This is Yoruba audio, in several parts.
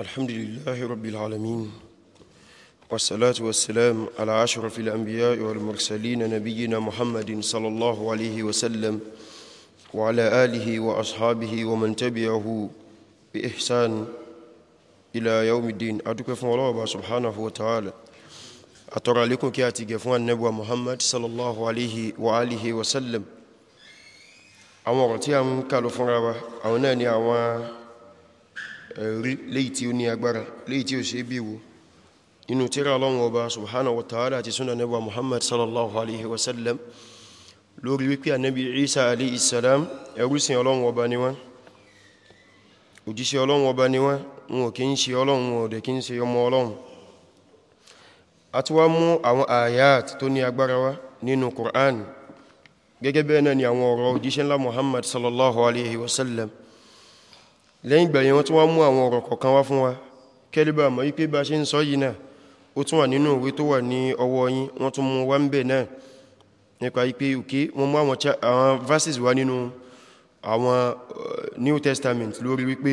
الحمد لله رب العالمين والصلاة والسلام على أشرف الأنبياء والمرسلين نبينا محمد صلى الله عليه وسلم وعلى آله وأصحابه ومن تبعه بإحسان إلى يوم الدين أدوك الله سبحانه وتعالى أترى لكم كي قفوان النبوة محمد صلى الله عليه وآله وسلم أمرتي أمكالو فنرابا أو ناني rí eh, léyìí tí ó ní agbára léyìí tí ó ṣe bí wo inú tírà Ọlọ́run Ọba subhanahu wa ta'ala àti súnà nẹ́bà Muhammad sallallahu alaihi wasallam lórí wípé ànábì Isa alaihi salam ẹrúsìn Ọlọ́run Ọba ni wọ́n òjíṣẹ́ Ọlọ́run Ọba ni wọ́n wọn kì í ṣe Ọlọ́run wọn òdẹ̀ kì ṣe ọmọ Ọlọ́run lẹ́yìn ìgbàyẹ̀ wọn tún wá mú àwọn ọ̀rọ̀ kọ̀ọ̀kan wá fún wa kẹ́lúbà mọ̀ wípé bá ṣe ń sọ yìí náà ó tún wà nínú ìwé tó wà ní ọwọ́ yín wọ́n tún mú wá ń bẹ̀ náà nípa wípé òkè wọ́n mú àwọn verses wá nínú àwọn eh, New Testament lórí wípé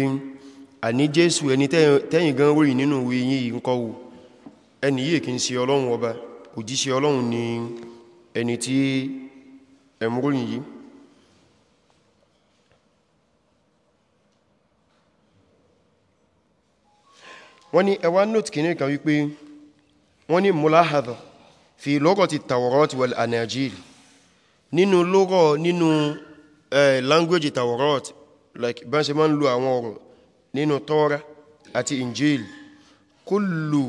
àní Jésù ẹni tẹ́yìn gan wòrì nínú ìwé yìí ń kọ́wù ẹni yìí kì í ṣe Ọlọ́run ọba òjíṣẹ́ Ọlọ́run ni ẹni tí ẹ̀múròyìn yìí wọ́n ní ẹwà note kìíní kan wípé wọ́n ní mulahadha fi lugati tawrat wal anajil nínú lugha nínú language tawrat like bá ṣe máa ń lo àwọn ọ̀rọ̀ nínú tọ́ra àti injil kullu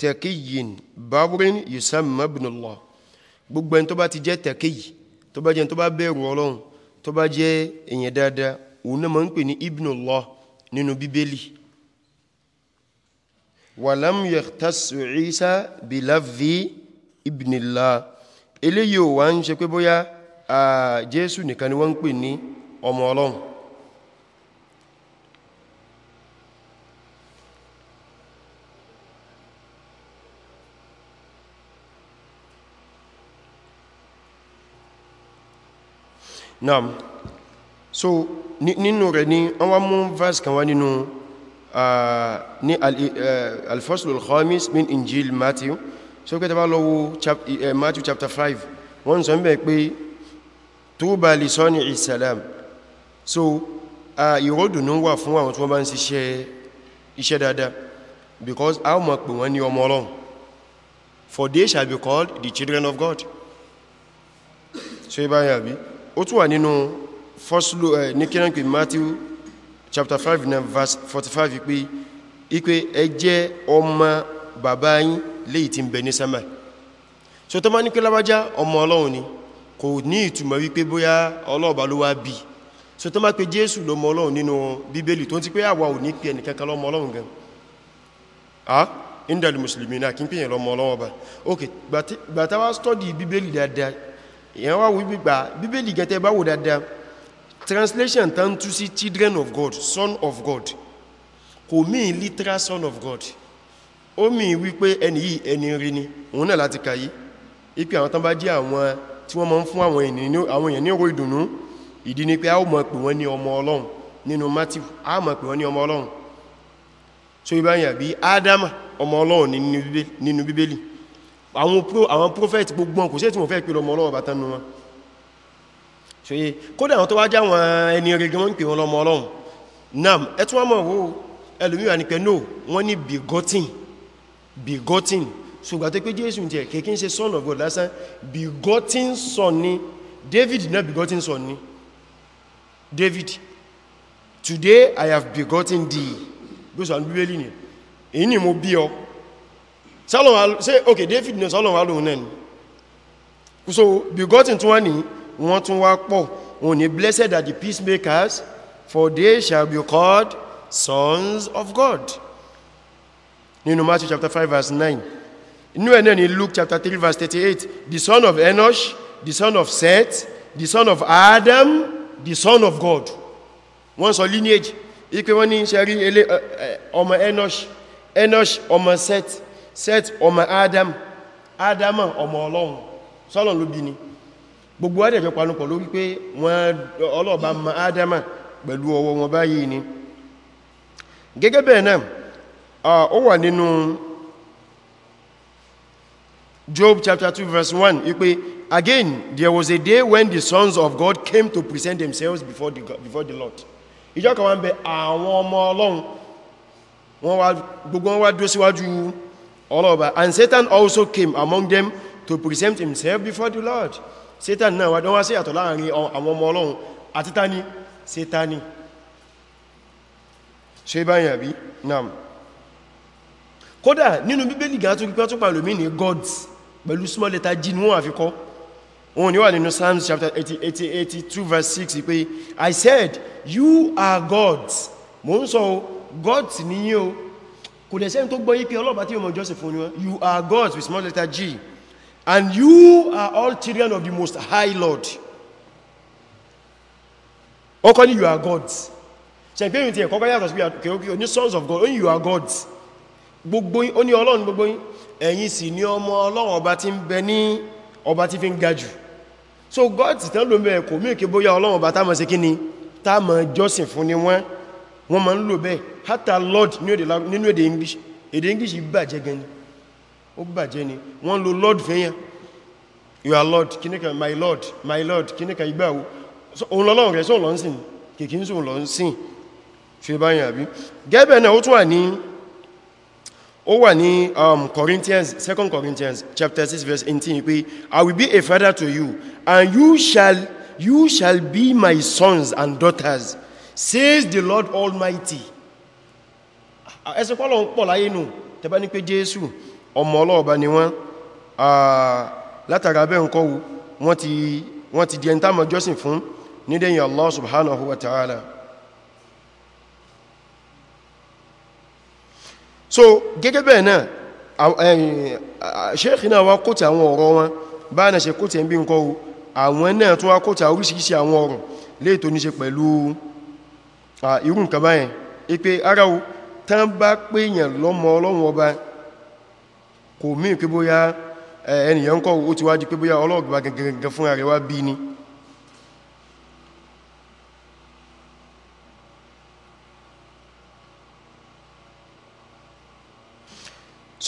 taqiyyin barrin yusamma ibnullah gbogbo ẹni tó bá ti jẹ́ taqiyy tó bá jẹ́ tó bá bẹ̀rù ọlọ́run tó bá jẹ́ èèyàn dáadáa òun náà máa ń pè ní ibnullah nínú bíbélì wàlám yẹ̀tàsù Ìsá bí láfí ibnilá eléyìí ò wá ń ṣe pé bóyá à Jésù nìkan ni wọ́n ń pè ní ọmọ Ọlọ́run naam so nínú rẹ̀ ni wọ́n wá mú verse kan wá nínú no, ní al-faslul khamis min injil matthew so pé tàbá lọ́wọ́ matthew chapter 5 wọ́n sọ mẹ́ pé tuba li sani'i salam so ìrọ́dùnú wà fún àwọn tí wọ́n bá ń ṣiṣẹ́ iṣẹ́ dáadáa because a mọ̀ pé wọ́n ní ọmọ ọlọ́run for they shall be called the children of God so ibáyàbí ó tún wà nínú faslul ní kíránkì matthew chapter 5 na verse 45 pé ipé ẹ jẹ́ ọmọ bàbá yín léyìí tí ń bẹ ní sánmà so tó máa ní pé lábájá ọmọ ọlọ́run ni kò ní ìtumọ̀ wípé bóyá ọlọ́ọ̀bá ló wá bí so tó máa pé jésù lọmọ ọlọ́run nínú bíbélì tó ń ti pé àwa ò ní pè ẹnìkankan lọmọ ọlọ́run gan ah indal musulmi náà kí n pèyàn lọmọ ọlọ́run ọba ok gbàtàwà study bíbélì dáadáa ìyẹn wá wípé gbà bíbélì gẹ́tẹ́ báwò dáadáa translation tán tú sí children of God son of God kò mí literal son of God ó mí wípé ẹni yìí ẹni rí ni òun náà láti kàyí ipi àwọn tán bá jẹ́ àwọn tí wọ́n máa ń fún àwọn èèyàn ní oró ìdùnnú ìdí ni pé a ó máa pè wọ́n ní ọmọ ọlọ́run nínú Matthew a máa pè wọ́n ní ọmọ ọlọ́run so ibáyìn àbí Ádámà ọmọ ọlọ́run nínú bíbélì àwọn prophet gbogbo wọn kò sí ètí wọn fẹ́ pè lọmọ ọlọ́run bàtánú wọn so yí kódà àwọn tó wá jáwọn ẹni rẹ̀ wọ́n ń pè wọn lọ́mọ ọlọ́run nam ẹtún wọ́n mọ̀ wó ẹlòmíwà ní pẹ̀lú wọ́n ní begotten begotten ṣùgbà tó pé Jésù jẹ́ kèkí ń ṣe son of God lásán begotten son ni David náà begotten son ni David today I have begotten thee bí sọ àbúrẹ́lì ni èyí ni mo bí ọ sálọ̀wà ṣe ok David náà sálọ̀wà lòun náà ni so begotten tún wá nìyí wọ́n tún wá pọ̀ wọ́n ní blessed are the peacemakers for they shall be called sons of God nínú Matthew chapter 5 verse 9 inú ẹ̀ náà ni Luke chapter 3 verse 38 the son of Enosh the son of Seth the son of Adam the son of God wọ́n sọ lineage ipe wọ́n ní ṣe rí ọmọ Enosh Enosh ọmọ Seth Seth ọmọ Adam Adam ọmọ Ọlọ́run sọ́lọ̀ ló bí ni gbogbo adẹ̀ fẹ́ panupọ̀ lórí pé wọ́n ọlọ́ọ̀bá ma ádámà pẹ̀lú ọwọ́ wọn báyìí ni gẹ́gẹ́ bẹ́ẹ̀ náà ó wà nínú Job chapter 2 verse 1 wípé again there was a day when the sons of God came to present themselves before the, before the Lord ìjọ́ kan wá ń bẹ àwọn ọmọ Ọlọ́run wọ́n wá gbogbo wọn wá dúró síwájú ọlọ́ọ̀bá and Satan also came among them to present himself before the Lord satan náà wọ́n wá sí àtọ̀ láàrin àwọn ọmọ ọlọ́run àti tani satani ṣe báyìí àbí nam kódà nínú bíbélì gan tó pípẹ́ tó pàlò mí ní gods pẹ̀lú small letter g ní wọ́n àfikọ́ òun ni wà nínú psalms chapter 88 82 verse 6 pé i said you are gods mo ń sọ gods ni yín o kò dẹ̀ sẹ́ni tó gbọ́ yí pé ọlọ́ba tí o mọ̀ jọ́sìn fún ni wọ́n you are gods with small letter g and you are all children of the most high lord Only you are gods ṣe pé ìrìntì ẹ̀kọ́ báyàtọ̀ sí kèrèkèrè ní sons of god only you are gods gbogbo ó ní ọlọ́run gbogbo ẹ̀yin sì ní ọmọ ọlọ́run ọba tí ń bẹ ní ọba tí fi ń gajù so gods tán ló mẹ́ ẹ̀kọ́ mí kí bóyá ọlọ́run ọba táàmà sí kíni táàmà jọ́sìn fún ni wọ́n wọ́n máa ń lò bẹ́ẹ̀ hátà lord nínú èdè english èdè english bàjẹ́ gan ni ó bàjẹ́ ni wọ́n lo lord fẹ́yàn you are lord kíníkà my lord my lord kíníkà ìgbàwo òun lọ́lọ́run rẹ̀ sóun lọ ń sìn kìkí ń sóun lọ ń sìn ṣe báyìí àbí gẹ́bẹ̀ náà ó tún wà ní ó wà ní um, Corinthians 2 Corinthians chapter 6 verse 18 pé I will be a father to you and you shall you shall be my sons and daughters says the Lord Almighty ẹsẹ̀ pọ́lọ̀ ń pọ̀ láyé nù tẹ́bá ní pé Jésù ọmọ ọlọ́ọ̀bá ni wọ́n látara bẹ́ẹ̀ ǹkọ́ wọ́n ti di ẹni táàmà jọ́sìn fún nídẹ̀yìn Allah subhanahu wa ta'ala so gẹ́gẹ́ bẹ́ẹ̀ náà Sheikh náà wá kóta àwọn ọ̀rọ̀ wọn bá náà ṣe kóta ẹ̀bí ǹkọ́ àwọn náà tó wá kóta oríṣiríṣi àwọn ọ̀rọ̀ lè tó ní ṣe pẹ̀lú irú nǹkan báyẹn ipé ara tán bá pèèyàn lọ́mọ Ọlọ́run ọba kò mí pé bóyá ẹnìyàn kọ́ ó ti wájú pé bóyá ọlọ́ọ̀gbà gẹ̀gẹ̀gẹ̀ fún àríwá bí ní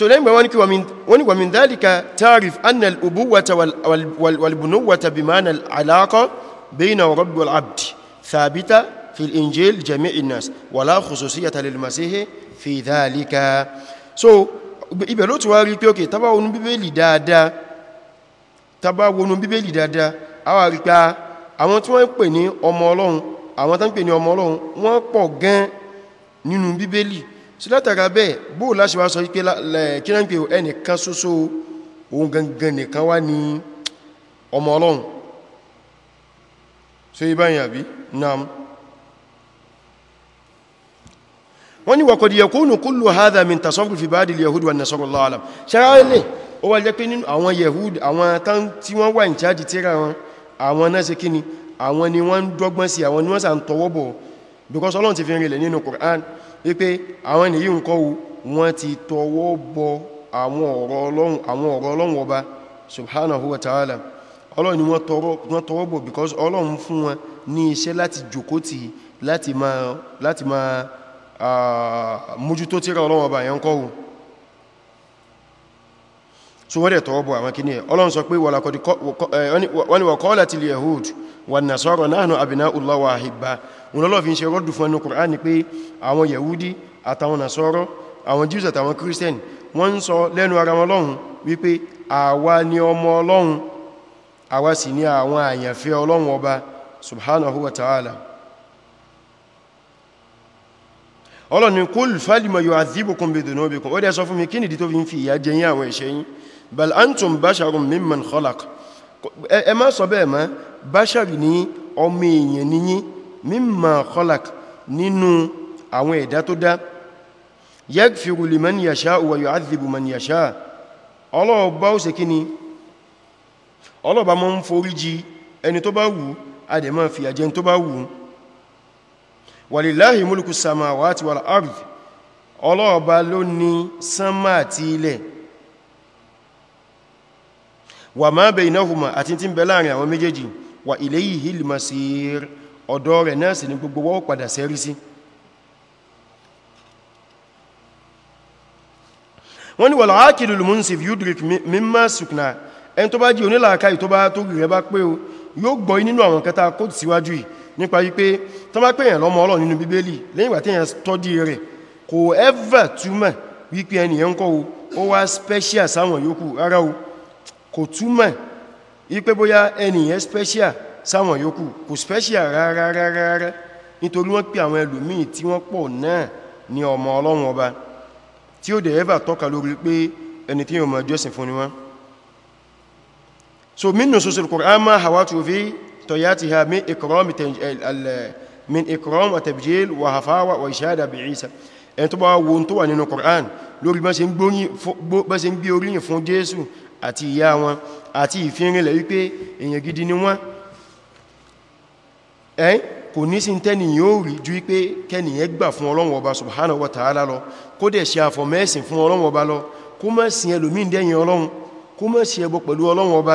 wa lẹ́yìn wọ́n ni wàmín dálíka tarif annal ubuwata walbunuwata bi ma'ana al'alaqa bayna rabbi wal abdi thabita fi injil jami'in nas wala khususiyata lil masihi fi dhalika so ibẹ̀ ló tún wá rí pé òkè tàbá wọnú bíbélì dáadáa tàbá wọnú bíbélì dáadáa àwa rí pé ah, àwọn tí wọ́n ń pè ní ọmọ ọlọ́run àwọn tán pè ní ọmọ ọlọ́run wọ́n pọ̀ gan nínú bíbélì sí látara bẹ́ẹ̀ bó láṣẹ wá sọ wípé eh, kí náà ń pè ẹnìkan ṣoṣo òun gangan nìkan wọ́n ní wọ̀kọ̀dì yakunu kullu hadha min tasawwur fi ba'd al-yahud wan nasara Allahu alam ṣẹ́rẹ́ ní ó wà jẹ́ pé nínú àwọn yahud àwọn tán tí wọ́n wà ní chájì tíra wọn àwọn náà kíni àwọn ni wọ́n dọ́gbọ́n sí àwọn ni because Ọlọ́run ti fi rinlẹ̀ nínú Qur'an wípé àwọn nìyí ń kọ́wù wọ́n ti tọwọ́ bọ àwọn ọ̀rọ̀ Ọlọ́run ọba subhanahu wa ta'ala because Ọlọ́run fún wọn ní iṣẹ́ láti jòkó tì Ah, mójútó tíra ọlọ́wọ́ bá yẹn kọ́wù so wọ́n dẹ̀ tọwọ́ bọ̀ àwọn kí ní ẹ̀ ọlọ́run sọ pé eh, wọ́n ni wọ̀kọ́ọ́lá ti yahud wà nasara nahnu abna'ullah wa ahibba olólọ́fin ṣe rọ́dù fún ẹnu Qur'an ni pé àwọn yahudi àtàwọn nasara àwọn jews àtàwọn christian wọ́n ń sọ lẹ́nu ara wọn lọ́hun wípé àwa ni ọmọ ọlọ́hun àwa sì ni àwọn àyànfẹ́ ọlọ́hun ọba subhanahu wa ta'ala ọlọ́ni kúl fálìmọ̀ yóò àzíbùkún bí dùnúbìkún ó dẹ̀ sọ fún mi kí nìdí tó fi ń fi ìyà jẹyìn àwọn ẹ̀ṣẹ̀ yìí bal antum basharun mimman khalaq ẹ má sọ bẹ́ẹ̀ mọ́ bashari ní ọmọ èèyàn níyí mimman khalaq nínú àwọn ẹ̀dá tó dá yaghfiru liman yasha wa yu'adhibu man wàlìláhì múlùkù samawati wal ard ọlọ́ọ̀bá ló ní sánmà àti ilẹ̀ wà máa bẹ̀ ináhùmà àti tí ń bẹ láàrin àwọn méjèèjì wà ilayhil masir ọ̀dọ̀ rẹ̀ náà sì ní gbogbo wọ́n padà sẹ́rí sí mimma ẹni tó bá jí tó bá tó rẹ̀ bá pé yóò gbọ́ àwọn kẹta nípa wípé tó bá pèèyàn lọ́mọ Ọlọ́run nínú bíbélì lẹ́yìn ìgbà téèyàn tọ́dí rẹ̀ kò ever túmọ̀ wípé ẹnìyàn kọ́ ó wá special sáwọn yòókù rárá o kò túmọ̀ wípé bóyá ẹnìyàn special sáwọn yòókù kò special rárá rárá nítorí wọ́n pè àwọn ẹlòmíì tí wọ́n pọ̀ náà ever tọ́ka lórí pé ẹni tí yóò mọ̀ jọ́sìn fún ni wọ́n so mínú sọ́sọ́lù طياتها من إكرام من إكرام وتبجيل وهفاوة وإشادة بعيسى ẹni tó bá wo tó wà nínú Qur'an lórí bá ṣe ń gbé oríyìn fún Jésù àti ìyá wọn àti ìfìnrinlẹ̀ wípé èyàn gidi ni wọ́n ẹ́ kò ní sí tẹ́ni yóò rí ju wípé kẹ́niyàn gbà fún Ọlọ́run pẹ̀lú Ọlọ́run Ọba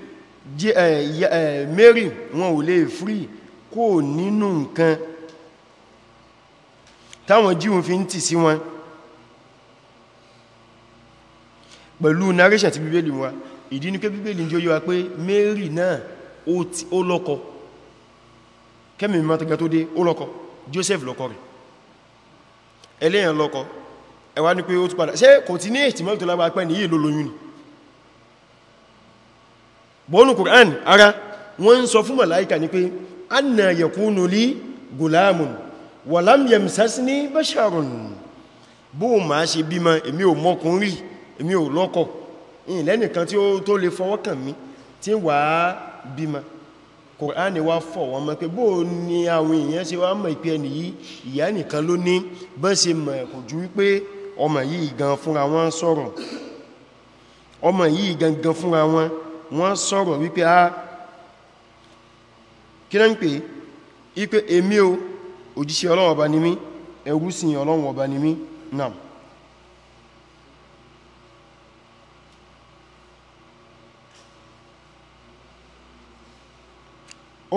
Mary wọn ò lè free kó nínú nǹkan táwọn jíun fi ń tì sí wọn pẹ̀lú narration ti bíbélì wa ìdí ní pé bíbélì jí ó yíwa pé Mary náà ó lọ́kọ kẹ́mì mọ́tàgà tó dé ó lọ́kọ Joseph lọ́kọ rẹ̀ ẹlẹ́yàn lọ́kọ ẹwà ní pé ó tún padà ṣe kò tí ní ètìmọ́ tó lágbà pẹ́ ní yìí ló lóyún ni bọ́ọ̀nù Qur'an ara wọ́n ń sọ fún màláíkà ní pé anna yakunu li gulamun walam yamsasni basharun bó ma ṣe bímọ èmi ò mọ́kùnrin èmi ò lọ́kọ ìlẹ́nìkan tí ó tó lè fọwọ́kàn mi tí wà á bímọ Kùránì wá fọ̀ wọn mọ́ pé bó ní àwọn èèyàn ṣe wá mọ̀ ìpé ẹni yìí ìyá nìkan ló ní bọ́n ṣe mọ̀ kò jú wípé ọmọ yìí gan fúnra wọn sọ̀rọ̀ ọmọ yìí gangan fúnra wọn wọ́n sọ̀rọ̀ wípé a ah, kí náà ń pè ipé èmi o òjíṣẹ́ Ọlọ́run ọba ni mí ẹrúsìn Ọlọ́run ọba ni mí náà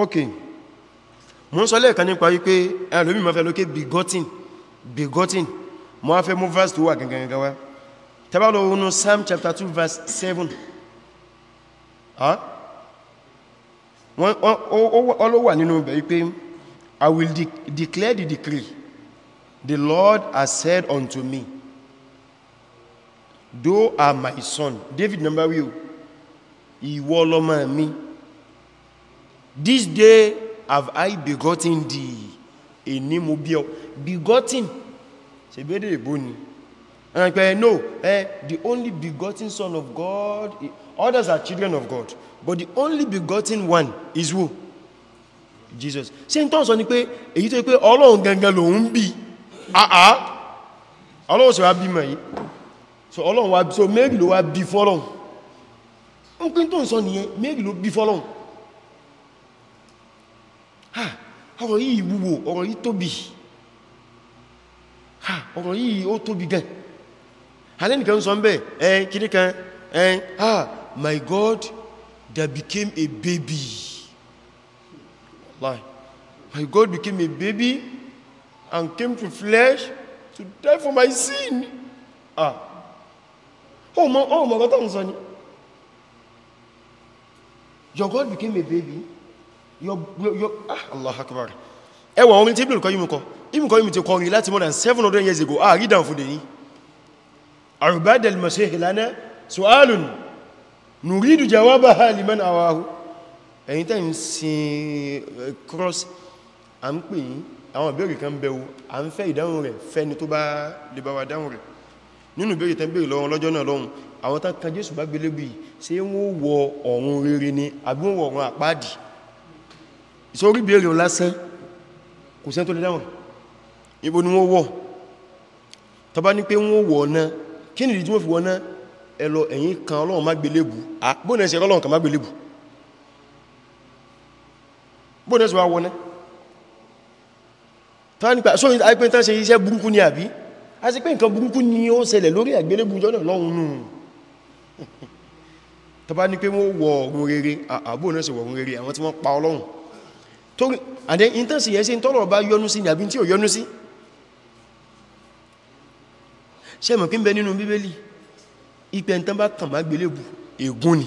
ok mo ń sọ lẹ́ẹ̀kan nípa wípé ẹlòmí ma fẹ́ lókè begotten begotten mo wá fẹ́ mú verse tó wà gangan gangan wá tẹ́bá lọ wọnú Psalm chapter 2 verse 7 wọ́n ló wà nínú ibẹ̀ wípé I will de declare the decree the Lord has said unto me thou art my son David Nambari o ìwọ lọ́mọ mi this day have I begotten thee èní mo bí ọ begotten ṣe bẹ́ẹ̀dẹ̀ ìbóni and pe no eh the only begotten son of God others are children of God but the only begotten one is who Jesus ṣé n ton sọ ni pé èyí tó pé Ọlọ́hun gangan ló ń bí ah ah Ọlọ́hun ṣe wá bí mo yi so Ọlọ́hun wá so Mary ló wá bí fọ́lọ́hun n pin tó ń sọ nìyẹn Mary ló bí fọ́lọ́hun ha ọ̀rọ̀ yìí wúwo ọ̀rọ̀ yìí tobi, ha ọ̀rọ̀ yìí ó tóbi gan-an alẹ́nìkan sọ ń bẹ̀ ẹn kìdí kan ẹn ah my god that became a baby like my god became a baby and came to flesh to die for my sin ah Oh my, ọgọ́ta ń sọ ni your god became a baby your your ah allah akbar ẹwà orin tí ibùdó kọ́ yìí mú kọ́ ibùdó kọ́ yìí mú ti kọrin láti more than 700 years ago ah rí dáhùn fún dẹ̀ yìí عباد المسيح لنا سؤال نريد جوابها لمن أواه ẹ̀yin tẹ́ ń sin cross a ń pè yí àwọn ìbéèrè kan bẹ̀wò a ń fẹ́ ìdáhùn rẹ̀ fẹ́ni tó bá lè bá wa dáhùn rẹ̀ nínú ìbéèrè tẹ́ ń béèrè lọ́wọ́ lọ́jọ́ náà lọ́hùn àwọn tán kan Jésù bá gbélé bí ṣé wọ́n wọ ọ̀run rere ni àbí wọ́n wọ ọ̀run àpáàdì ìsorí béèrè lásán kò sẹ́ni tó lè dáhùn ibo ni wọ́n wọ̀ tó bá ní pé wọ́n wọ̀ náà kí nìdí tí wọ́n fi wọ́n náà ẹlọ ẹ̀yìn kan ọlọ́run má gbélébù bóòdẹ̀ sí ọlọ́run kan má gbélébù bóòdẹ̀ sí wá wọ́n náà tán nípa sóyìn àìpẹ́ tán ṣe iṣẹ́ burúkú ni àbí a sì pé nǹkan burúkú ni ó ṣẹlẹ̀ lórí àgbélébù jọ́nà lọ́run nù tọba ní pé wọ́n wọ ọ̀run rere àbò náà sì ṣe mọ̀ kí ń bẹ nínú bíbélì ipẹ̀ tán bá kàn má gbélébù ègún ni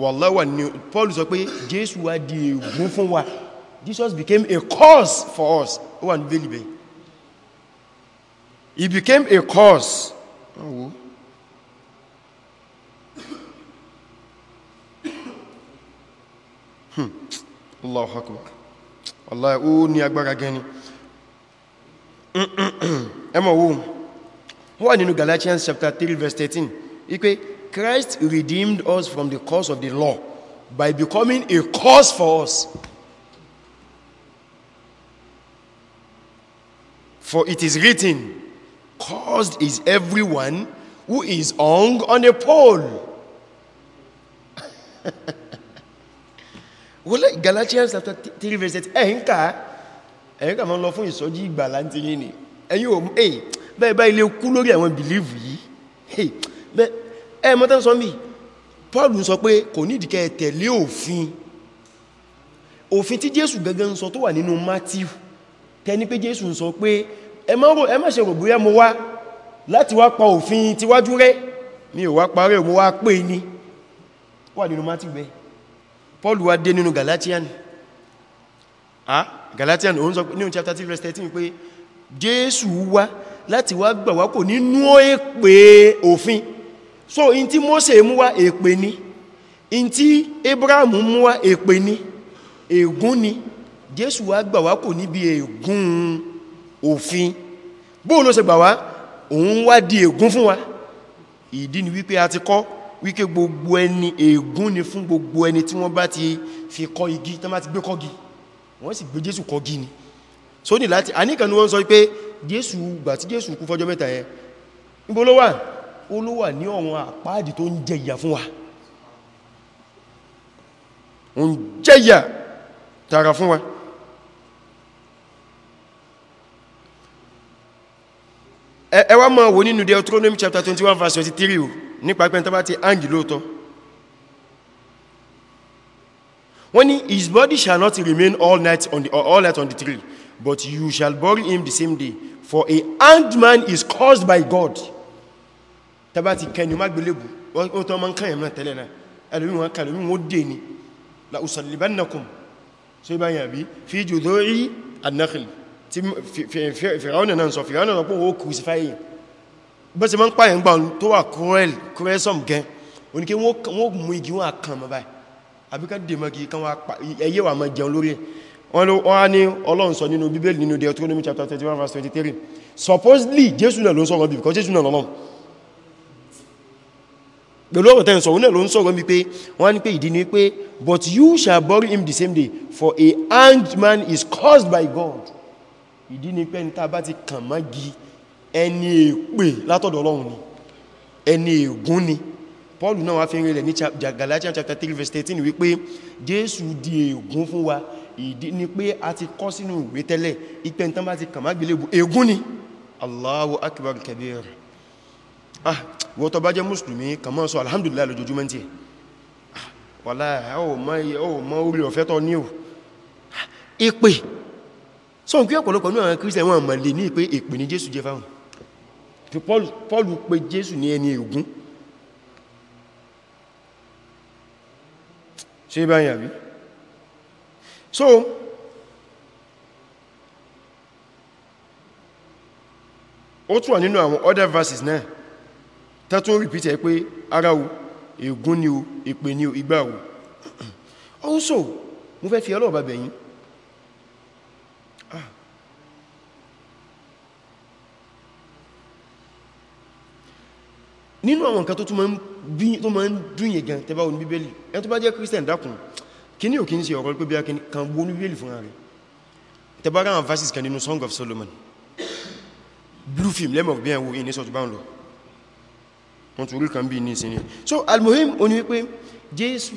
wọ́lọ́wà ni Paul sọ pé Jésù wá di ègún fún wa Jesus became a cause for us ó wà ní bíbélì bẹ́ẹ̀ he became a cause. ọwọ́ hmm. Allahu Akbar Allah ó ní agbára gẹni ẹmọ̀ wo wọ́n nínú Galatians chapter 3 verse 13 wípé Christ redeemed us from the curse of the law by becoming a curse for us for it is written cursed is everyone who is hung on a pole wọ́n Galatians chapter 3 verse 13 ẹ̀yìn eh, káà ẹ̀yin kà máa lọ fún ìsọjí ìgbàlá tí yìí ni ẹ̀yin ò eh bẹ́ẹ̀ bá ilé kú lórí àwọn bìlíìfù yìí ẹ mọ́tán sọ mí Paul sọ pé kò ní ìdíkẹ́ tẹ̀lé òfin òfin tí Jésù gẹ́gẹ́ ń sọ tó wà nínú Matthew tẹni pé Jésù ń sọ pé ẹ má ṣe rò bóyá mo wá láti wá pa òfin tiwájú rẹ̀ mi ò wá parẹ́ mo wá pè ní wà nínú Matthew bẹ́ẹ̀ Paul wá dé nínú Galatian ah Galatian òun sọ ní chapter 3 verse 13 pé Jésù wá láti wá gbà wá kò nínú èpè òfin so in tí Mósè mú wá èpè ni in tí Abraham mú wá èpè ni ègún ni Jésù wá gbà wá kò níbi ègún òfin bóò ló ṣe gbà wá òun wá di ègún fún wa ìdí ni wípé a ti kọ́ wípé gbogbo ẹni ègún ni fún gbogbo ẹni tí wọ́n bá ti fi kọ́ igi tán bá ti gbé kọ́gi wọ́n sì gbé Jésù kọ́ gíní so ní láti àníkànú wọ́n sọ pé Jésù gbà tí Jésù kú fọ́jọ́ mẹ́ta yẹn níbo ló wà ó ló wà ní ọ̀wọ̀n àpáàdì tó ń jẹyà fún wa ń jẹyà tààrà fún wa ẹ wá máa wò nínú Deuteronomy chapter 21 verse 23 nípa pẹ́ntàbá ti ángì lóòtọ́ wọ́n ní his body shall not remain all night on the, all night on the tree but you shall bury him the same day for a hanged man is caused by God tàbá ti kẹni má gbélébù wọ́n tó ma ń kàyàn náà tẹ́lẹ̀ náà ẹlòmí wọn kàlòmí wọ́n dè ní la usallibannakum so ibá yàn bí fi judhuri an-nakhl tí fìràwọ́nà náà sọ fìràwọ́nà náà pọ̀ wọ́n crucify yìí bọ́ sí ma ń pàyàn gbà tó wà cruel cruel some gan oníkẹ́ wọ́n mú igi wọn àkàn mọ́ báyìí àbíká dèmọ́gì kan wá pa ẹyẹ wà mọ́ jẹun lórí supposedly Jésù náà ló ń sọ̀rọ̀ bí because Jésù náà lọ́lọ́run pẹ̀lú ọ̀rọ̀ tẹ́ ń sọ̀rọ̀ náà ló ń sọ̀rọ̀ bí wọ́n ní pé ìdí ni pé but you shall bury him the same day for a hanged man is caused by God ìdí ni pé níta bá ti kàn mọ́gi ẹni èpè látọ̀dọ̀ Ọlọ́run ni ẹni ègún ni Paul náà wá fi ń rílẹ̀ ní Galatians chapter 3 verse 13 wípé Jésù di ègún fún wa ìdí ni pé a ti kọ́ sínú ìwé tẹ́lẹ̀ ipẹ́ tán bá ti kàmá gbélébù ègún ni Allahu akbar kabir ah wọ́n tó bá jẹ́ mùsùlùmí kàmá sọ alhamdulillah lójoojúmọ́ tí ah, wàlá ọ̀ mọ́ orí ọ̀fẹ́ tọ́ ní ò ah, ìpè so n kí ọ̀pọ̀lọpọ̀ ní àwọn kírísẹ̀ wọn mọ̀ lè ní ìpé ìpè ní Jésù jẹ́ fáwọn Paul pe Jésù ní ẹni ègún ṣe bá yàrí so ó tún nínú àwọn other verses náà tẹ́tún repeat pé ara o ègún ni o ìpè ni o ìgbà o also mo fẹ́ fi bẹ̀yìn nínú àwọn nǹkan tó tún ma ń dúnyẹ gan tẹbá òní bíbélì ẹ tó bá jẹ́ christian dákùn kí ní òkè ń ṣe ọ̀rọ̀ pé bí i kan bú ní bíbélì fúnra rẹ̀ tẹbá ráwọn verses kan nínú song of solomon blue film lẹ́mọ̀ bí ẹwọ ní sọ́tù báwọn lọ wọ́n tún rí kan bí ní sinmi so almohim ó ní wípé jésù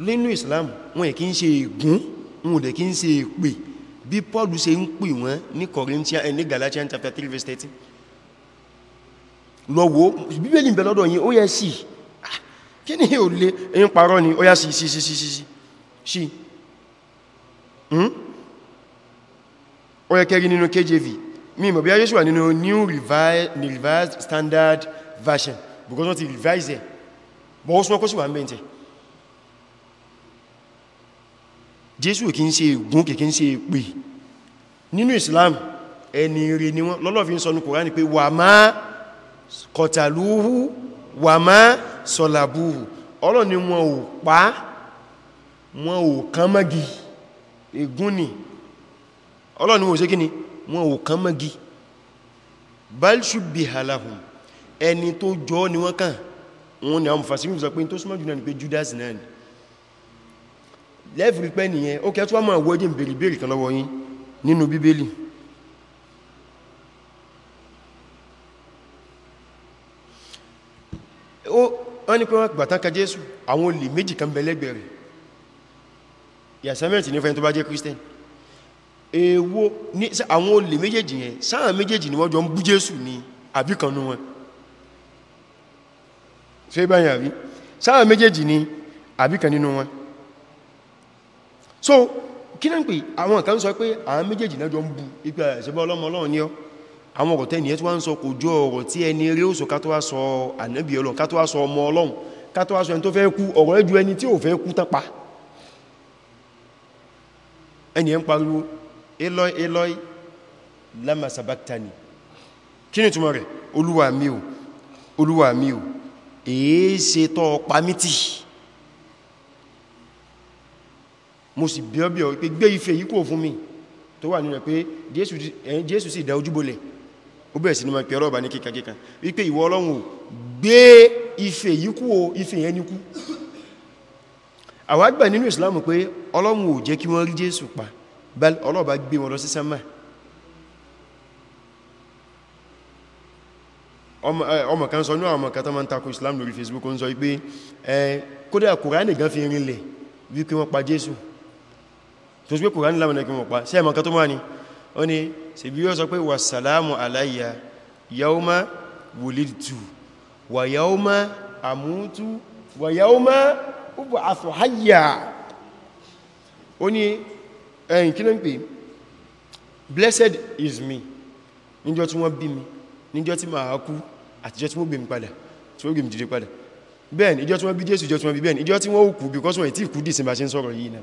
nínú islam wọn è kí ń ṣe ègún wọn ò dẹ̀ paul ṣe ń pè wọ́n ní corinthian eh, ní galatian chapter 3 verse 13 lọ́wọ́ bíbélì ń bẹ lọ́dọ̀ yín ó yẹ sí ah, kí ni ò lè ẹ̀yin parọ́ ni ó yá sí sí sí sí sí sí hmm? ó yẹ kẹrí nínú KJV mi mọ̀ bí a yẹ́ṣù nínú new revised standard version because wọ́n ti revise ẹ̀ bọ́ ó súnmọ́kọ́ sí wà ń bẹ́ntẹ̀ Jésù kìí ṣe ègún kìí ṣe èpè nínú Islam ẹni rẹ̀ ni wọ́n lọ́lọ́fin sọ ní Kùránì pé wà máa kọtàlúhù wà má sọ̀làbúhù ọlọ́ ni wọn ò pa wọn ò kán mọ́gi ègún ni ọlọ́ ni wọn ò ṣe kíni wọn ò kán mọ́gi balṣu halahun ẹni tó jọ ni wọ́n kàn wọn ni àwọn fàṣírí sọ pé tó súnmọ́ jù náà pé Judas náà ni lẹ́fìrí pẹ́ nìyẹn ó kẹ́ tó wá mọ́ àwọ́dí wọ́n ní pé wọ́n gbàtán ka jésù àwọn olè méjì kan bẹ̀lẹ́gbẹ̀ rẹ̀ yàsẹ́mẹ̀tì ní fẹ́ tó bá jẹ́ christian èwo ní àwọn olè méjèèjì yẹn sáà méjèèjì ni wọ́n jọ ń bú jésù ní àbí kanú wọn ṣe báyìí àbí sáà méjèèjì ni àbí kan nínú wọn so kí náà pé àwọn kan sọ pé àwọn méjèèjì náà jọ ń bú ipa ìṣẹ́bọ́ ọlọ́mọ ọlọ́run ní ọ́ àwọn ọ̀rọ̀ tẹ́ni ẹ tí wá ń sọ kò jọ ọ̀rọ̀ tí ẹni rí ó sọ ká tó wá sọ ànábì ọlọ́run ká tó wá sọ ọmọ ọlọ́run ká tó wá sọ ẹni tó fẹ́ kú ọ̀rọ̀ ẹjú ẹni tí ò fẹ́ kú tápa ẹni ẹ ń pariwo eloi eloi lama sabaktani kí ni túmọ̀ rẹ̀ olúwa mi ò olúwa mi ò èé ṣe tọ́ pamítì mo sì bí ọ bí ọ pé gbé ife yìí kò fún mi tó wà nínú rẹ̀ pé jésù sì dá ojúbolẹ̀ ó bẹ̀rẹ̀ sí ní máa pẹ̀rọ ọba ní kíkàkíkà wípé ìwọ ọlọ́run gbé ife yíkú o ife yẹn níkú àwọn àgbà nínú Islam pé ọlọ́run ò jẹ́ kí wọ́n rí Jésù pa ọlọ́ọ̀bá gbé wọn lọ sí sánmà ọmọ kan sọ ní àwọn kan tó máa ń takò Islam lórí Facebook ń sọ wípé kódà Kùránì gan fi rinlẹ̀ wípé wọ́n pa Jésù tó sí pé Kùránì lámọ̀ ó ní ṣe bí yóò sọ pé wà sàlámù aláyà yauma wulidtu wà yauma amútu wà yauma ub'athu hayya ó ní ẹ̀yìn kí ló ń pè blessed is me níjọ́ tí wọ́n bí mi níjọ́ tí màá kú àtijọ́ tí wọ́n gbé mi padà tí wọ́n gbé mi padà bẹ́ẹ̀ ni ìjọ́ tí wọ́n bí Jésù ìjọ́ tí wọ́n bí bẹ́ẹ̀ ni ìjọ́ tí wọ́n òkú because wọ́n ì tí ìkú dì sí bá ṣe ń sọ̀rọ̀ yìí náà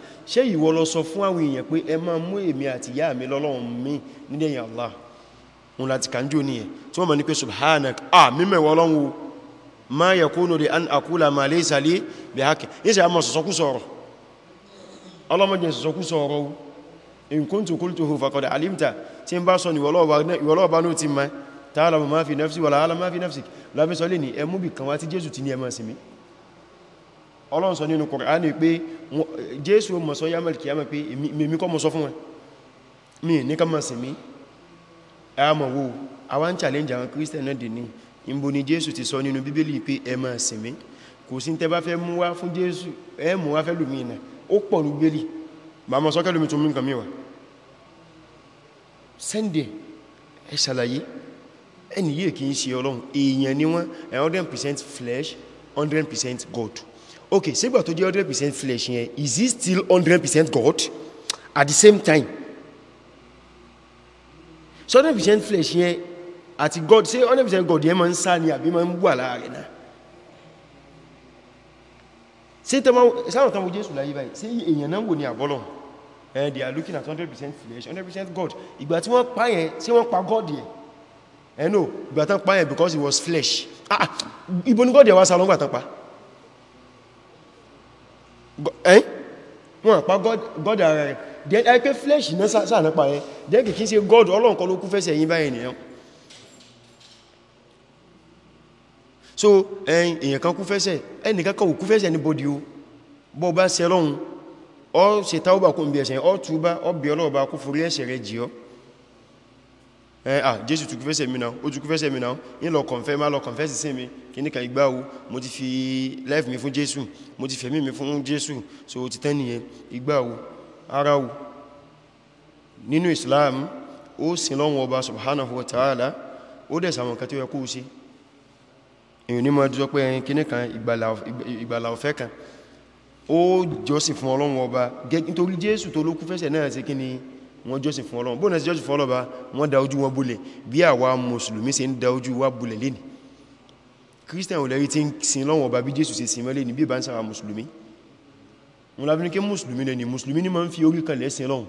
ṣé ìwọ lọ sọ fún àwọn èèyàn pé ẹ máa mú èmi àti ìyá mi lọ́lọ́run mi nílẹ̀yìn Allah òun láti kànjú nìyẹn tí wọ́n mọ̀ ní pé subhanak ah mímẹ̀wọ́ ọlọ́run o ma yakunu li an akula li bi haqqi yíṣe a mọ̀ sọ̀sọ́kú sọ̀rọ̀ ọlọ́mọdé sọ̀sọ́kú sọ̀rọ̀ o in alimta tí ń bá sọ ìwọlọ́ọ̀bá náà ti mẹ́ ta'lamu wala a'lamu ma fi nafsik ni ẹmú bì kan wá tí Jésù Ọlọ́run sọ nínú Kùránì pé Jésù mọ̀ sọ yamal kiyama pé mímí kọ́ mọ̀ sọ fún wọn mi ní ká mọ̀ sí mi ẹmọ̀ àwọn challenge àwọn Christian náà dì ní ìbò ni Jésù ti sọ nínú Bíbélì pé ẹ mọ̀ sí mi kò sí tẹ bá fẹ́ mú wá fún Jésù ẹ mú Sunday ẹ ṣàlàyé ẹni yìí kì í ṣe Ọlọ́run èèyàn ni wọ́n 100% flesh 100% God Okay, ok sígbà tó jẹ́ 100% flesh yẹn is he still 100% God at the same time so 100% flesh yẹn àti God ṣé 100% God yẹn máa ń sá ni àbí máa ń wà láàrin náà ṣé sáwọn tánwò Jésù láyé báyìí ṣé èèyàn náà wò ní àbọ́lọ̀ and eh, they are looking at 100% flesh 100% God ìgbà tí wọ́n pa yẹn ṣé wọ́n pa God yẹn ẹnu eh, ìgbà tán pa yẹn because he was flesh ah ìbọn ah. God yẹn wá sá lọ́gbà tán pa wọn pa god ara rẹ̀ then ẹ pé flesh náà sáà náà pa ẹ then kìí ṣe god ọlọ́run kọ́ ló kú fẹ́sẹ̀ yín báyìí nìyàn so èyàn kan kú fẹ́sẹ̀ ẹnìkan kan ò kú fẹ́sẹ̀ níbodì o bọ́ bá ṣẹlọ́run ọ ṣe táwọ́bà kó ń bí ẹ̀ṣẹ̀ ọ túbá ọ bí ọlọ́ọ̀bá kó forí ẹ̀ṣẹ̀ rẹ̀ jì Eh, ah Jésù tún kúfẹ́sẹ̀ mi náà ó tún kúfẹ́sẹ̀ mi náà ní lọ kọ̀nfẹ́ má lọ kọ̀nfẹ́sì sí mi kí níkan ìgbáwo mo ti fi life mi fún Jésù mo ti fẹ̀mí mi fún Jésù so ti tẹ́ nìyẹn ìgbáwo ara wo nínú Islam ó sin lọ́wọ́ ọba subhanahu wa ta'ala ó dẹ̀ sàmọ̀ kan tí ó yẹ kó sí èyàn ní mọ́ ẹjọ́ pé ẹyin kí níkan ìgbàlà ọ̀fẹ́ kan ó jọ́sìn fún Ọlọ́run ọba nítorí Jésù tó ló kúfẹ́sẹ̀ náà sí kí ni wọ́n jọ́sìn fún Ọlọ́run bóòlẹ̀ sí jọ́sìn fún Ọlọ́run bá wọ́n da ojú wọn búlẹ̀ bí àwa mùsùlùmí ṣe ń da ojú wa búlẹ̀ lẹ́ni Christian olórí tí ń sin lọ́wọ́ ọba bí Jésù ṣe sin mẹ́lẹ̀ ní bí ìbá ń sára mùsùlùmí wọn lábí ní kí mùsùlùmí lẹ́ni mùsùlùmí ní máa sin Ọlọ́run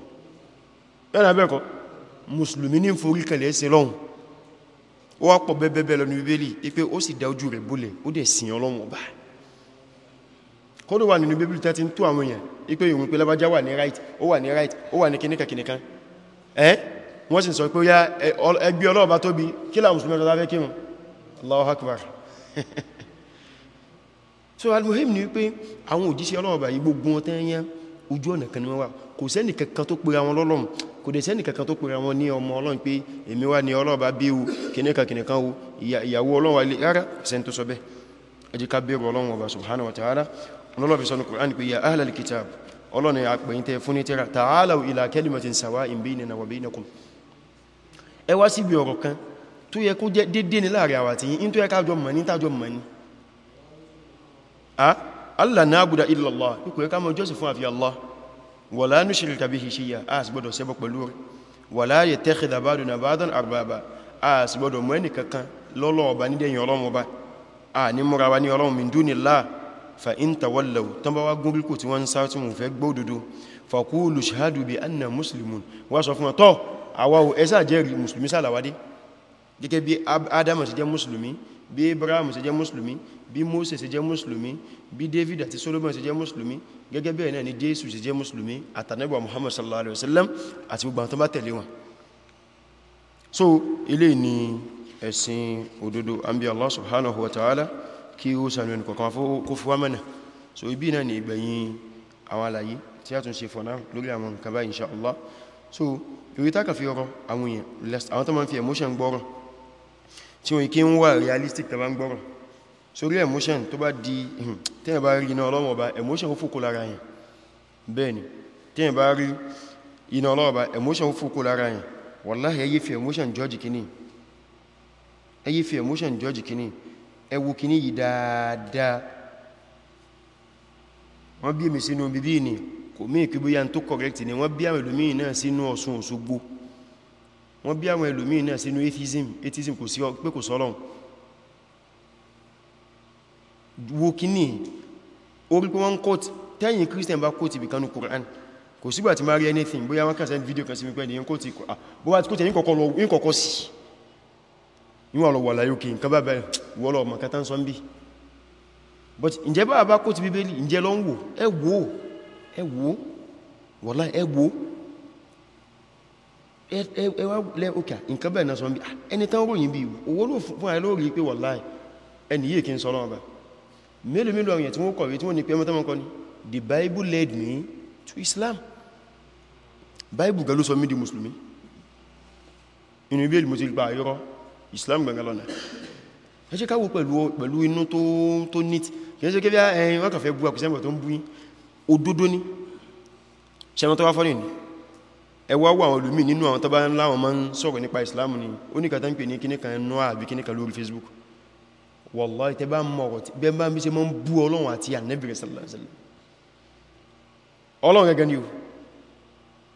bẹ́ẹ̀ náà bẹ́ẹ̀ kọ́ mùsùlùmí ní ń sin Ọlọ́run ó wá pọ̀ bẹ́ẹ̀ bẹ́ẹ̀ lọ ní Bíbélì pé ó sì sin Ọlọ́run ọba kọ́dọ̀ wà nínú bíbí tẹ́tí tó àwọn èèyàn ipé ìrùn pé lábájá wà ní right ó wà ní right ó wà ní kíníkà kíníkà ẹ́ wọ́n sì sọ pé ó yá ẹgbẹ́ ọlọ́ọ̀bá tóbi kí láà mùsùlùmí ọjọ́ láfẹ́ kírun Allahu so al-muhim ni wípé àwọn òjíṣẹ́ ọlọ́ọ̀bá yìí gbogbo wọn tẹ́ yẹn ojú ọ̀nà kan ni wọ́n wà kò sẹ́nì kankan tó pera wọn lọ́lọ́run kò dẹ̀ sẹ́nì kankan tó pera wọn ní ọmọ ọlọ́run pé èmi wá ní ọlọ́ọ̀bá bí o kìnìkan subhanahu wa ta'ala lọ́lọ́ fi sọ́nà Kùránì pé ya ahlal kitab ọlọ́ni àpẹyìn tẹ fún ní tẹ́ra ta'alaw ila kalimatin sawa'in baynana wa baynakum ẹ wá síbi ọ̀rọ̀ kan tó yẹ kó jẹ́ dédé ní láàrin àwa àti tó yẹ kájọ mọ̀ mọ̀ ní Allah a ní múra wa ní ọlọ́run min dunillah fa'in tawallau tán bá wá gúnrí kò tí wọ́n ń sá tí wọ́n fẹ́ gbódodo faqulu shahadu bi anna muslimun wá sọ fún ọ̀tọ́ àwọ̀ ẹsà jẹ́ musulmi sálàwádé gẹ́gẹ́ bí adama ṣe jẹ́ musulmi bí ibrahim ṣe jẹ́ musulmi bí moses ṣe jẹ́ musulmi bí david àti solomon ṣe jẹ́ musulmi gẹ́gẹ́ bẹ́ẹ̀ náà ni jésù ṣe jẹ́ musulmi àtànẹ́gbà muhammad sallallahu alaihi wasallam àti gbogbo àwọn kí ó sànú ẹnì kọ̀kan kó fi wá mẹ́nà so ibi náà ni ìgbẹ̀yìn àwọn àlàyé tí a tún ṣe for lórí àwọn nǹkan báyìí insha Allah so ìrítà kà fi ọ̀rọ̀ àwọn èèyàn lest àwọn tó máa ń fi emotion gbọ́rọ̀ tí wọ́n kí ń wà realistic tàbá ń gbọ́rọ̀ sórí emotion tó bá di tẹ́yìn bá rí iná Ọlọ́run emotion ó fòkó lára yẹn bẹ́ẹ̀ ni tẹ́yìn bá emotion ó fòkó lára yẹn wallahi ẹ yé fi emotion judge kìíní ẹ yé fi ẹ wo kìíní yìí dáadáa wọ́n bí èmi sínú bíbí ni kò mí ìkí bóyá tó correct ni wọ́n bí àwọn ẹlòmíì náà sínú Ọ̀ṣun Òṣogbo wọ́n bí àwọn ẹlòmíì náà sínú atheism atheism kò sí pé kò sọ́lọ́hun kò sígbà tí máa rí anything bóyá wọ́n kàn send video kan sí mi pẹ́ ní kọ́t ìkọ̀ọ́ níwọ̀n wà láyé òkè nǹkan bàbá ìwọ́lọ̀ ọmọ kátà ń sọ ń bí but ǹjẹ́ bá bá kó ti bíbélì ǹjẹ́ lọ ń wò ẹ wò ẹ wò wọ́lá ẹ wò ẹ wá lẹ òkè nǹkan bẹ́ẹ̀ náà sọ ń bí ah, ẹni tán ròyìn bí owó ló fún ẹ lórí pé wọ́lá ẹni yìí kí n sọ́lọ́ ọba mélòó mélòó àwọn the Bible led me to Islam Bible gan ló sọ mí di Mùsùlùmí inú ibi èlì mo islam gangan lọ́nà ẹ jẹ́ káwò pẹ̀lú inú tó nít kìí ṣe kébí ẹ̀yìn wọ́n kàn fẹ́ bú àkùsẹ́mọ̀ tó ń bú òdodo ní ṣẹmọ́ tó wá fọ́nì ní ẹwà wà àwọn olùmí nínú àwọn tọ́bá ńlá wọn ń sọ̀rọ̀ nípa islam ni oníkàtà ń pè ní kíníkà ẹnu àbí kíníkà lórí facebook wallahi tẹ́ bá mọ̀rọ̀ bẹ́ bá bí ṣe máa ń bú ọlọ́run àti ànẹ́bìrì sallallahu alaihi ọlọ́run gẹ́gẹ́ ni ó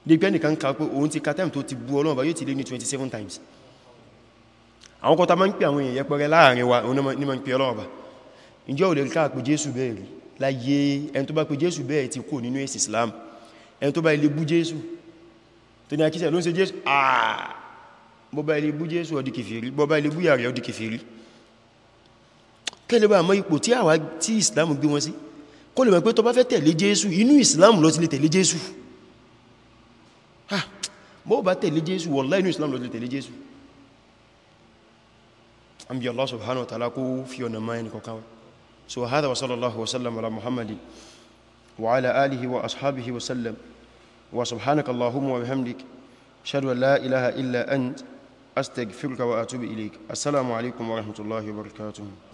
ní nìkan ká pé òun ti ka time tó ti bú ọlọ́run bá yóò ti lé ní 27 times àwọn kọta máa ń pè àwọn èèyàn yẹpẹrẹ láàrin wa ní ma ń pè ọlọ́ọ̀bà ìjọ́ òlè ká pè jésù bẹ́ẹ̀ rí láyé ẹn tó bá pè jésù bẹ́ẹ̀ ti kò nínú èsì islam ẹn tó bá ilé bú jésù tó ní akíṣẹ́ ló ń ṣe jésù àà bó bá ilé bú jésù ó di kèfèrí bó bá ilé bú yàrá ó di kèfèrí kẹ́lẹ̀ bá mọ́ ipò tí àwa tí islam gbé wọn sí kó lè mọ̀ pé tó bá fẹ́ tẹ̀lé jésù inú islam ló ti lè tẹ̀lé jésù بي الله سبحانه وتعالى في ونمائن يعني كوكاو سو هذا وصلى الله وسلم على محمد وعلى آله وأصحابه وسلم وسبحانك اللهم وبحمدك أشهد أن لا إله إلا أنت أستغفرك وأتوب إليك السلام عليكم ورحمة الله وبركاته